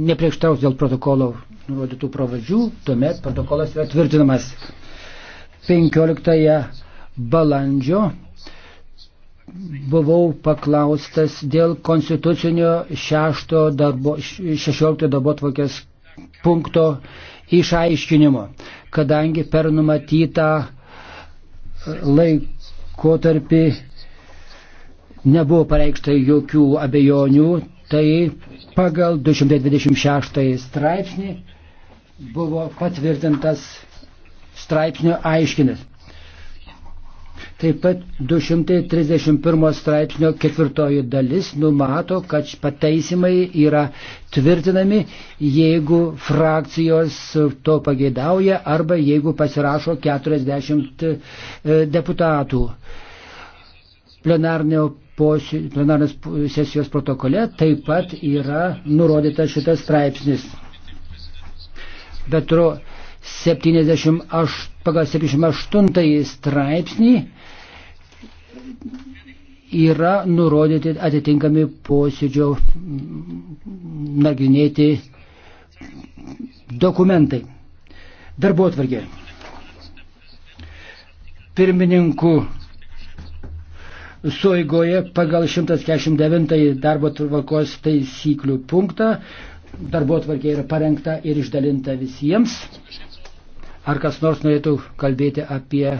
nepriekštaus dėl protokolo nurodytų pravadžių, tuomet protokolas yra tvirtinamas 15 balandžio. Buvau paklaustas dėl konstitucinio 6 darbo, 16 darbo tvarkės punkto išaiškinimo, kadangi per numatytą e, laikotarpį nebuvo pareikšta jokių abejonių, Tai pagal 226 straipsnį buvo patvirtintas straipsnio aiškinis. Taip pat 231 straipsnio ketvirtoji dalis numato, kad pataisimai yra tvirtinami, jeigu frakcijos to pageidauja arba jeigu pasirašo 40 e, deputatų plenarnės sesijos protokole taip pat yra nurodytas šitas straipsnis. Bet turiu 78, pagal 78 straipsnį yra nurodyti atitinkami posėdžio nagrinėti dokumentai. Darbo atvargė. Pirmininkų suigoje pagal 149 darbo tvarkos taisyklių punktą. Darbo tvarkė yra parengta ir išdalinta visiems. Ar kas nors norėtų kalbėti apie